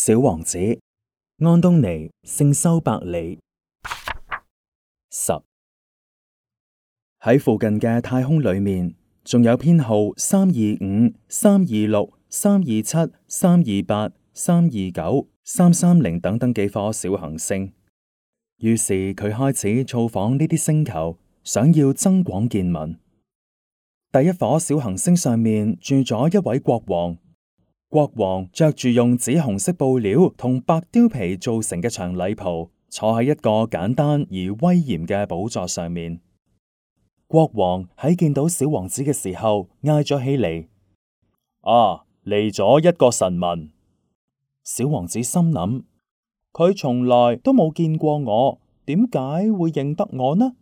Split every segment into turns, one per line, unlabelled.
小王子安東尼聖修伯里十，喺附近嘅太空裏面，仲有編號三二五、三二六、三二七、三二八、三二九、三三零等等幾顆小行星。於是佢開始造訪呢啲星球，想要增廣見聞。第一顆小行星上面住咗一位國王。國王着住用紫紅色布料同白貂皮做成嘅長禮袍，坐喺一個簡單而威嚴嘅寶座上面。國王喺見到小王子嘅時候，嗌咗起嚟：，啊，嚟咗一個臣民！小王子心諗：，佢從來都冇見過我，點解會認得我呢？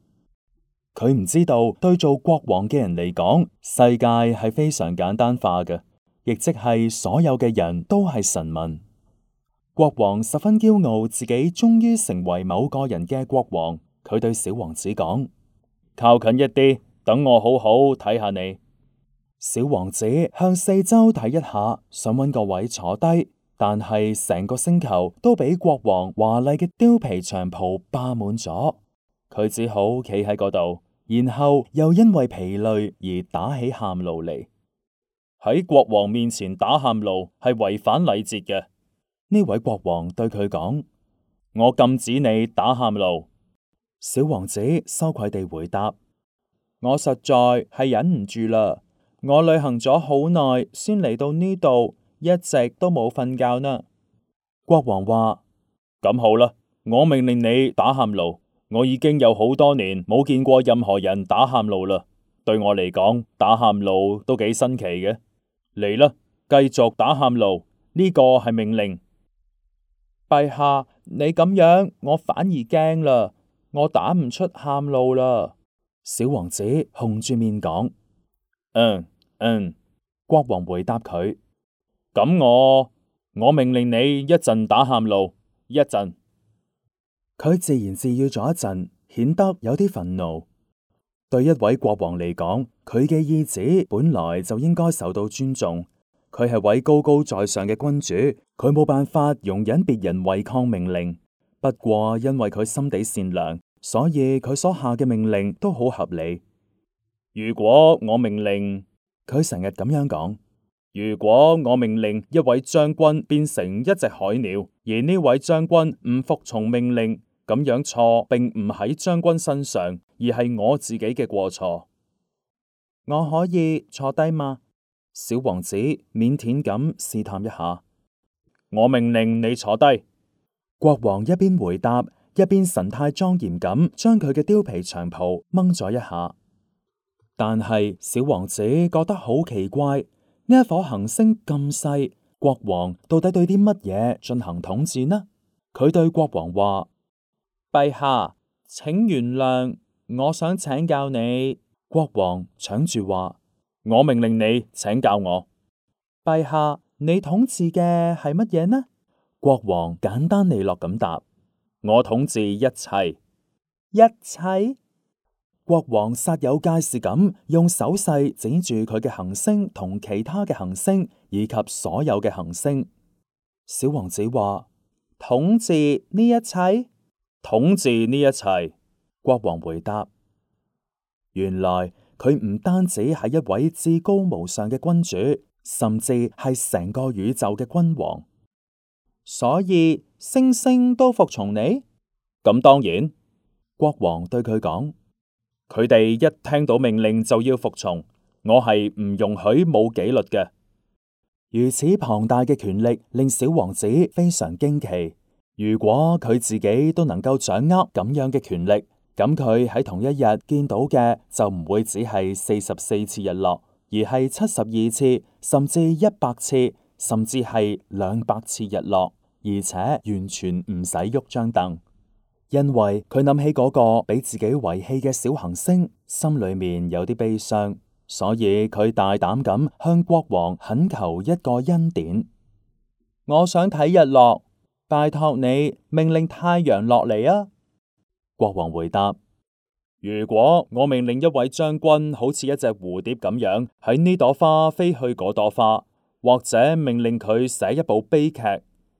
佢唔知道，對做國王嘅人嚟講，世界係非常簡單化嘅。亦即係所有嘅人都係臣民。國王十分驕傲，自己終於成為某個人嘅國王。佢對小王子講：，靠近一啲，等我好好睇下你。小王子向四周睇一下，想搵個位坐低，但係成個星球都俾國王華麗嘅貂皮長袍霸滿咗。佢只好企喺嗰度，然後又因為疲累而打起喊路嚟。喺國王面前打喊路係違反禮節嘅。呢位國王對佢講：，我禁止你打喊路。小王子羞愧地回答：，我實在係忍唔住啦。我旅行咗好耐，先嚟到呢度，一直都冇瞓覺呢。」國王話：，咁好啦，我命令你打喊路。我已經有好多年冇見過任何人打喊路啦，對我嚟講，打喊路都幾新奇嘅。嚟啦，繼續打喊路，呢、這個係命令。陛下，你咁樣，我反而驚啦，我打唔出喊路啦。小王子紅住面講、嗯。嗯嗯，國王回答佢。咁、嗯、我，我命令你一陣打喊路，一陣。佢自言自語咗一陣，顯得有啲憤怒。對一位國王嚟講，佢嘅意志本來就應該受到尊重。佢係位高高在上嘅君主，佢冇辦法容忍別人違抗命令。不過，因為佢心地善良，所以佢所下嘅命令都好合理。如果我命令，佢成日咁樣講。如果我命令一位將軍變成一隻海鳥，而呢位將軍唔服從命令，咁樣錯並唔喺將軍身上。而係我自己嘅過錯，我可以坐低嗎？小王子靦腆咁試探一下。我命令你坐低。國王一邊回答，一邊神態莊嚴咁將佢嘅貂皮長袍掹咗一下。但係小王子覺得好奇怪，呢一顆行星咁細，國王到底對啲乜嘢進行統治呢？佢對國王話：陛下，請原諒。我想請教你，國王搶住話：我命令你請教我，陛下，你統治嘅係乜嘢呢？國王簡單利落咁答：我統治一切。一切？國王煞有介事咁用手勢整住佢嘅行星同其他嘅行星以及所有嘅行星。小王子話：統治呢一切，統治呢一切。國王回答：原來佢唔單止係一位至高無上嘅君主，甚至係成個宇宙嘅君王。所以星星都服從你？咁當然。國王對佢講：佢哋一聽到命令就要服從，我係唔容許冇紀律嘅。如此龐大嘅權力令小王子非常驚奇。如果佢自己都能夠掌握咁樣嘅權力。咁佢喺同一日見到嘅就唔會只係四十四次日落，而係七十二次，甚至一百次，甚至係兩百次日落。而且完全唔使喐張凳，因為佢諗起嗰個俾自己遺棄嘅小行星，心裏面有啲悲傷，所以佢大膽咁向國王懇求一個恩典：我想睇日落，拜託你命令太陽落嚟啊！國王回答：如果我命令一位將軍好似一隻蝴蝶咁樣喺呢朵花飛去嗰朵花，或者命令佢寫一部悲劇，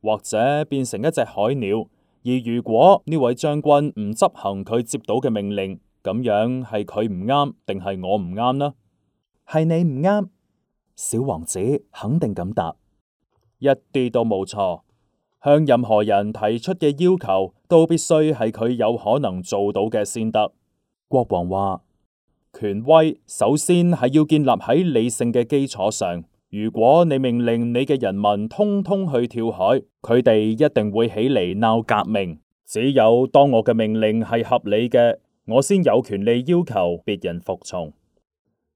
或者變成一隻海鳥，而如果呢位將軍唔執行佢接到嘅命令，咁樣係佢唔啱定係我唔啱呢？係你唔啱，小王子肯定咁答，一啲都冇錯。向任何人提出嘅要求，都必須係佢有可能做到嘅先得。國王話：權威首先係要建立喺理性嘅基礎上。如果你命令你嘅人民通通去跳海，佢哋一定會起嚟鬧革命。只有當我嘅命令係合理嘅，我先有權利要求別人服從。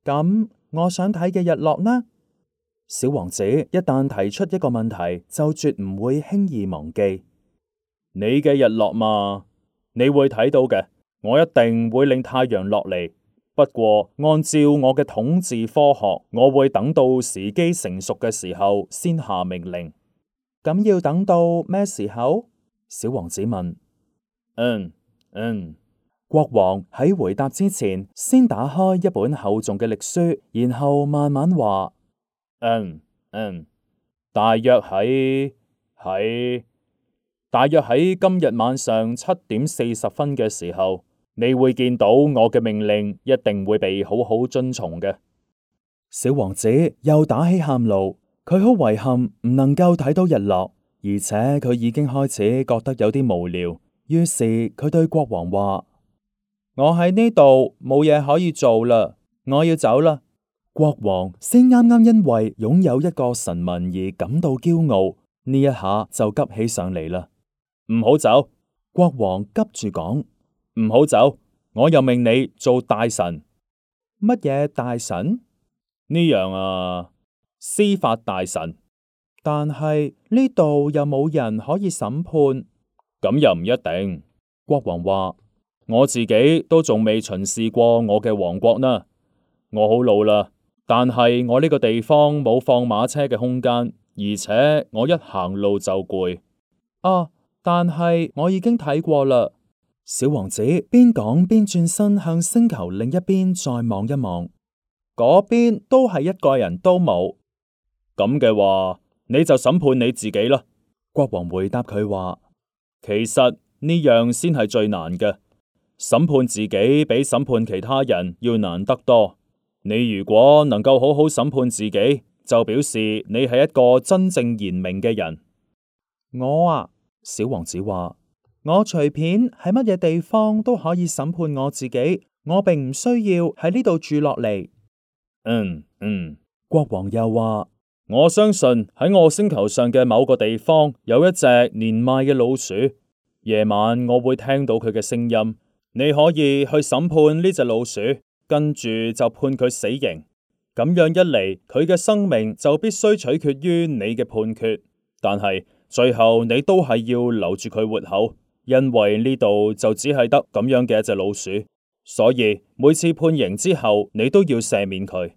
咁，我想睇嘅日落呢？小王子一旦提出一個問題，就絕唔會輕易忘記。你嘅日落嘛，你會睇到嘅。我一定會令太陽落嚟。不過，按照我嘅統治科學，我會等到時機成熟嘅時候先下命令。咁要等到咩時候？小王子問。嗯嗯，嗯，國王喺回答之前，先打開一本厚重嘅歷書，然後慢慢話。嗯嗯、um, um，大約喺喺大約喺今日晚上七點四十分嘅時候，你會見到我嘅命令，一定會被好好遵從嘅。小王子又打起喊露，佢好遺憾唔能夠睇到日落，而且佢已經開始覺得有啲無聊。於是佢對國王話：我喺呢度冇嘢可以做啦，我要走啦。國王先啱啱因為擁有一個臣民而感到驕傲，呢一下就急起上嚟啦。唔好走，國王急住講，唔好走，我又命你做大臣。乜嘢大臣？呢樣啊，司法大臣。但係呢度又冇人可以審判，咁又唔一定。國王話：我自己都仲未巡視過我嘅王國呢，我好老啦。但係我呢個地方冇放馬車嘅空間，而且我一行路就攰。啊！但係我已經睇過啦，小王子邊講邊轉身向星球另一邊再望一望，嗰邊都係一個人都冇。咁嘅話你就審判你自己啦。國王回答佢話，其實呢樣先係最難嘅，審判自己比審判其他人要難得多。你如果能夠好好審判自己，就表示你係一個真正賢明嘅人。我啊，小王子話：我隨便喺乜嘢地方都可以審判我自己，我並唔需要喺呢度住落嚟。嗯。嗯嗯，國王又話：我相信喺我星球上嘅某個地方有一隻年邁嘅老鼠，夜晚我會聽到佢嘅聲音。你可以去審判呢隻老鼠。跟住就判佢死刑，咁樣一嚟，佢嘅生命就必須取決於你嘅判決。但係最後你都係要留住佢活口，因為呢度就只係得咁樣嘅一隻老鼠，所以每次判刑之後，你都要赦免佢。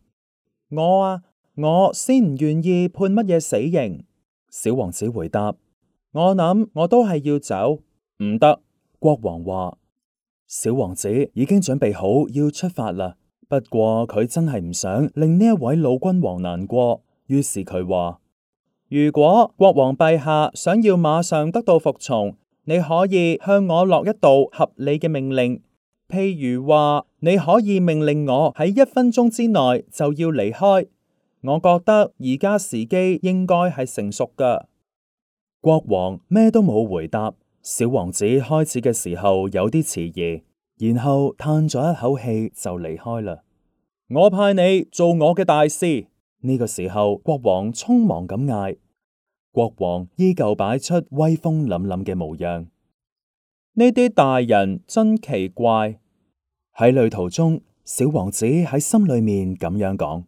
我啊，我先唔願意判乜嘢死刑。小王子回答：我諗我都係要走。唔得行，國王話。小王子已經準備好要出發啦，不過佢真係唔想令呢一位老君王難過，於是佢話：如果國王陛下想要馬上得到服從，你可以向我落一道合理嘅命令，譬如話，你可以命令我喺一分鐘之內就要離開。我覺得而家時機應該係成熟㗎。國王咩都冇回答。小王子開始嘅時候有啲遲疑，然後嘆咗一口氣就離開啦。我派你做我嘅大使。呢個時候，國王匆忙咁嗌。國王依舊擺出威風凜凜嘅模樣。呢啲大人真奇怪。喺旅途中，小王子喺心裏面咁樣講。